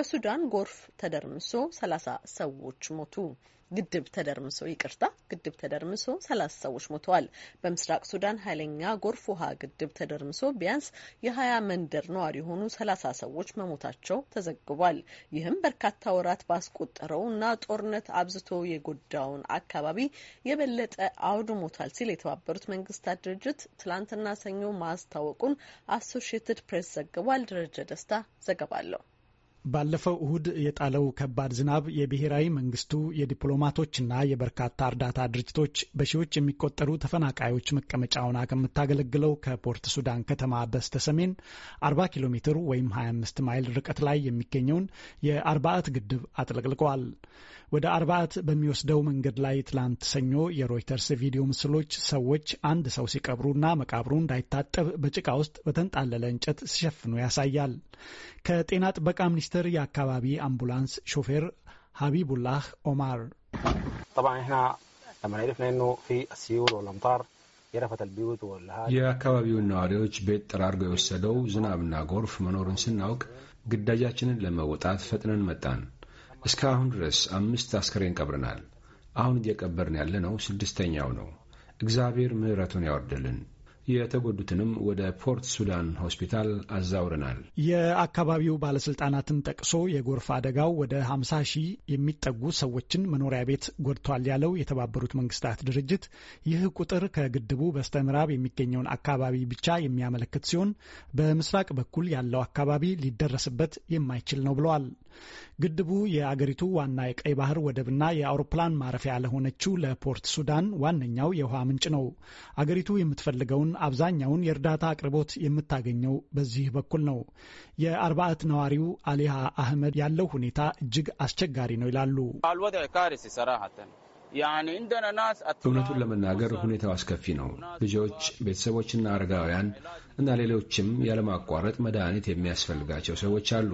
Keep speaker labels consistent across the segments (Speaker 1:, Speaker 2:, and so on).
Speaker 1: በሱዳን ጎርፍ ተደርምሶ ሰላሳ ሰዎች ሞቱ። ግድብ ተደርምሶ ይቅርታ፣ ግድብ ተደርምሶ ሰላሳ ሰዎች ሞተዋል። በምስራቅ ሱዳን ኃይለኛ ጎርፍ ውሃ ግድብ ተደርምሶ ቢያንስ የሀያ መንደር ነዋሪ የሆኑ ሰላሳ ሰዎች መሞታቸው ተዘግቧል። ይህም በርካታ ወራት ባስቆጠረውና ጦርነት አብዝቶ የጎዳውን አካባቢ የበለጠ አውድሞታል ሲል የተባበሩት መንግስታት ድርጅት ትላንትና ሰኞ ማስታወቁን አሶሽየትድ ፕሬስ ዘግቧል። ደረጀ ደስታ ዘገባ አለው።
Speaker 2: ባለፈው እሁድ የጣለው ከባድ ዝናብ የብሔራዊ መንግስቱ የዲፕሎማቶችና የበርካታ እርዳታ ድርጅቶች በሺዎች የሚቆጠሩ ተፈናቃዮች መቀመጫውን ከምታገለግለው ከፖርት ሱዳን ከተማ በስተ ሰሜን 40 ኪሎ ሜትር ወይም 25 ማይል ርቀት ላይ የሚገኘውን የአርባአት ግድብ አጥለቅልቀዋል። ወደ አርባአት በሚወስደው መንገድ ላይ ትላንት ሰኞ የሮይተርስ ቪዲዮ ምስሎች ሰዎች አንድ ሰው ሲቀብሩና መቃብሩ እንዳይታጠብ በጭቃ ውስጥ በተንጣለለ እንጨት ሲሸፍኑ ያሳያል። ከጤና ጥበቃ ሚኒስ ሚኒስትር የአካባቢ አምቡላንስ ሾፌር ሀቢቡላህ ኦማር የአካባቢውን
Speaker 1: ነዋሪዎች ቤት ጠራርጎ የወሰደው ዝናብና ጎርፍ መኖሩን ስናውቅ ግዳጃችንን ለመወጣት ፈጥነን መጣን። እስከ አሁን ድረስ አምስት አስከሬን ቀብረናል። አሁን እየቀበርን ያለነው ስድስተኛው ነው። እግዚአብሔር ምሕረቱን ያወርድልን። የተጎዱትንም ወደ ፖርት ሱዳን ሆስፒታል አዛውረናል።
Speaker 2: የአካባቢው ባለስልጣናትን ጠቅሶ የጎርፍ አደጋው ወደ 50 ሺህ የሚጠጉ ሰዎችን መኖሪያ ቤት ጎድቷል ያለው የተባበሩት መንግስታት ድርጅት ይህ ቁጥር ከግድቡ በስተ ምዕራብ የሚገኘውን አካባቢ ብቻ የሚያመለክት ሲሆን በምስራቅ በኩል ያለው አካባቢ ሊደረስበት የማይችል ነው ብለዋል። ግድቡ የአገሪቱ ዋና የቀይ ባህር ወደብና የአውሮፕላን ማረፊያ ለሆነችው ለፖርት ሱዳን ዋነኛው የውሃ ምንጭ ነው። አገሪቱ የምትፈልገውን አብዛኛውን የእርዳታ አቅርቦት የምታገኘው በዚህ በኩል ነው። የአርባዕት ነዋሪው አሊሃ አህመድ ያለው ሁኔታ እጅግ አስቸጋሪ ነው ይላሉ።
Speaker 1: እውነቱን ለመናገር ሁኔታው አስከፊ ነው። ልጆች፣ ቤተሰቦችና አረጋውያን እና ሌሎችም ያለማቋረጥ መድኃኒት የሚያስፈልጋቸው ሰዎች አሉ።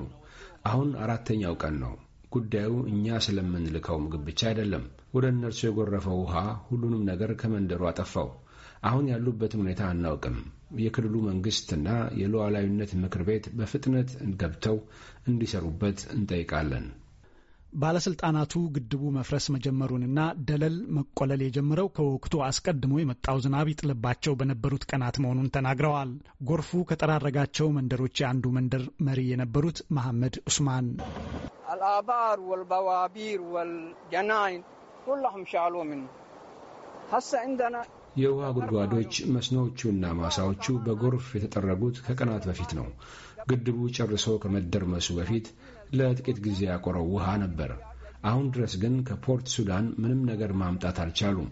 Speaker 1: አሁን አራተኛው ቀን ነው። ጉዳዩ እኛ ስለምንልከው ምግብ ብቻ አይደለም። ወደ እነርሱ የጎረፈው ውሃ ሁሉንም ነገር ከመንደሩ አጠፋው። አሁን ያሉበትን ሁኔታ አናውቅም። የክልሉ መንግስትና የሉዓላዊነት ምክር ቤት በፍጥነት ገብተው እንዲሰሩበት እንጠይቃለን።
Speaker 2: ባለስልጣናቱ ግድቡ መፍረስ መጀመሩንና ደለል መቆለል የጀመረው ከወቅቱ አስቀድሞ የመጣው ዝናብ ይጥልባቸው በነበሩት ቀናት መሆኑን ተናግረዋል። ጎርፉ ከጠራረጋቸው መንደሮች የአንዱ መንደር መሪ የነበሩት መሐመድ ኡስማን
Speaker 1: አልአባር ወልበዋቢር ወልጀናይን ኩላሁም ሻሎምን ሀሳ እንደና የውሃ ጉድጓዶች፣ መስኖዎቹና ማሳዎቹ በጎርፍ የተጠረጉት ከቀናት በፊት ነው። ግድቡ ጨርሶ ከመደርመሱ በፊት ለጥቂት ጊዜ ያቆረው ውሃ ነበር። አሁን ድረስ ግን ከፖርት ሱዳን ምንም ነገር ማምጣት አልቻሉም።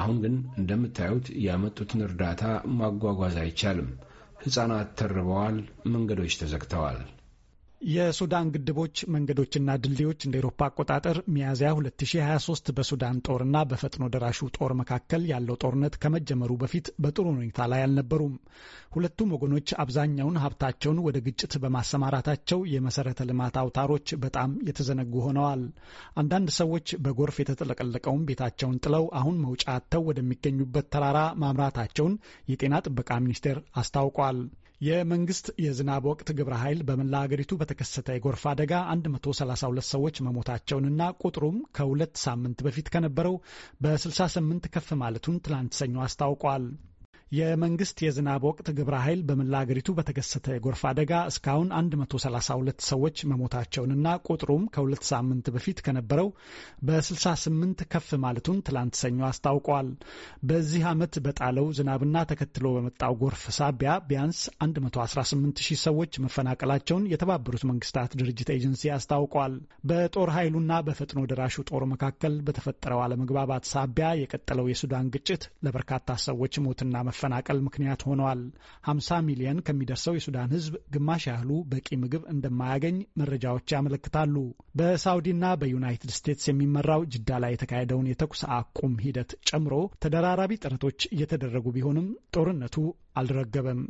Speaker 1: አሁን ግን እንደምታዩት ያመጡትን እርዳታ ማጓጓዝ አይቻልም። ሕፃናት ተርበዋል። መንገዶች ተዘግተዋል።
Speaker 2: የሱዳን ግድቦች መንገዶችና ድልድዮች እንደ ኤሮፓ አቆጣጠር ሚያዝያ 2023 በሱዳን ጦርና በፈጥኖ ደራሹ ጦር መካከል ያለው ጦርነት ከመጀመሩ በፊት በጥሩ ሁኔታ ላይ አልነበሩም። ሁለቱም ወገኖች አብዛኛውን ሀብታቸውን ወደ ግጭት በማሰማራታቸው የመሰረተ ልማት አውታሮች በጣም የተዘነጉ ሆነዋል። አንዳንድ ሰዎች በጎርፍ የተጥለቀለቀውን ቤታቸውን ጥለው አሁን መውጫ አጥተው ወደሚገኙበት ተራራ ማምራታቸውን የጤና ጥበቃ ሚኒስቴር አስታውቋል። የመንግስት የዝናብ ወቅት ግብረ ኃይል በመላ ሀገሪቱ በተከሰተ የጎርፍ አደጋ 132 ሰዎች መሞታቸውንና ቁጥሩም ከሁለት ሳምንት በፊት ከነበረው በ68 ከፍ ማለቱን ትላንት ሰኞ አስታውቋል። የመንግስት የዝናብ ወቅት ግብረ ኃይል በመላ አገሪቱ በተከሰተ የጎርፍ አደጋ እስካሁን 132 ሰዎች መሞታቸውንና ቁጥሩም ከሁለት ሳምንት በፊት ከነበረው በ68 ከፍ ማለቱን ትላንት ሰኞ አስታውቋል። በዚህ ዓመት በጣለው ዝናብና ተከትሎ በመጣው ጎርፍ ሳቢያ ቢያንስ 118 ሺህ ሰዎች መፈናቀላቸውን የተባበሩት መንግስታት ድርጅት ኤጀንሲ አስታውቋል። በጦር ኃይሉና በፈጥኖ ደራሹ ጦር መካከል በተፈጠረው አለመግባባት ሳቢያ የቀጠለው የሱዳን ግጭት ለበርካታ ሰዎች ሞትና መፈናቀል ምክንያት ሆነዋል። 50 ሚሊየን ከሚደርሰው የሱዳን ህዝብ ግማሽ ያህሉ በቂ ምግብ እንደማያገኝ መረጃዎች ያመለክታሉ። በሳውዲና በዩናይትድ ስቴትስ የሚመራው ጅዳ ላይ የተካሄደውን የተኩስ አቁም ሂደት ጨምሮ ተደራራቢ ጥረቶች እየተደረጉ ቢሆንም ጦርነቱ አልረገበም።